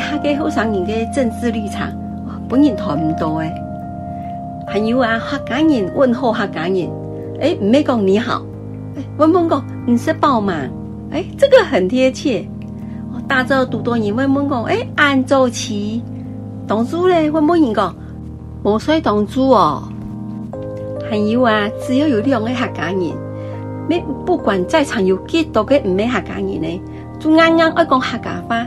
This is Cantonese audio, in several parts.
下嘅好生年嘅政治立場，本人談唔到嘅。還、哎、有啊，客家人問候客家人，誒唔咩講你好？誒、欸，問唔問講你是寶嘛？誒、欸，這個很貼切。大晝讀多嘢問唔問講，誒、欸，按週期，當主咧，會唔會講冇衰當主哦？還、哎、有啊，只要有兩個客家人，咩不管在場有幾多個唔咩客家人呢，就硬硬愛講客家話。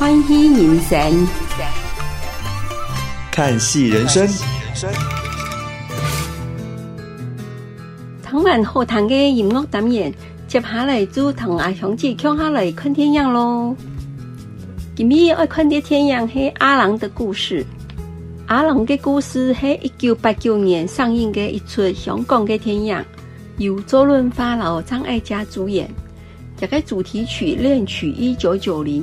歡喜人生，看戲人生。唐完後騰嘅《音王導演，接下來就同阿香姐跳下來看電影咯。今天要看啲電影是阿郎的故事，《阿郎嘅故事》是一九八九年上映嘅一出香港嘅電影，由周潤發、佬張艾嘉主演，這個主題曲《戀曲一九九零》。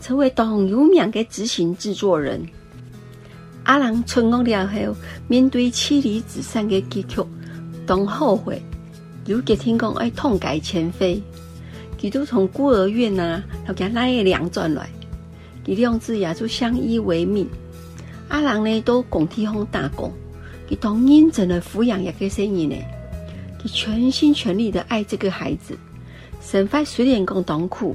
成為當有名的執行製作人。阿郎成功了後，面對妻離子散嘅結局，當後悔。如吉聽講，愛痛改前非。佢都從孤兒院吶、啊，老家拉個糧轉來。佢兩子也就相依為命。阿郎呢，都共天方打工。佢同英真的撫養一個生意呢。佢全心全力的愛這個孩子，省翻水年工當苦。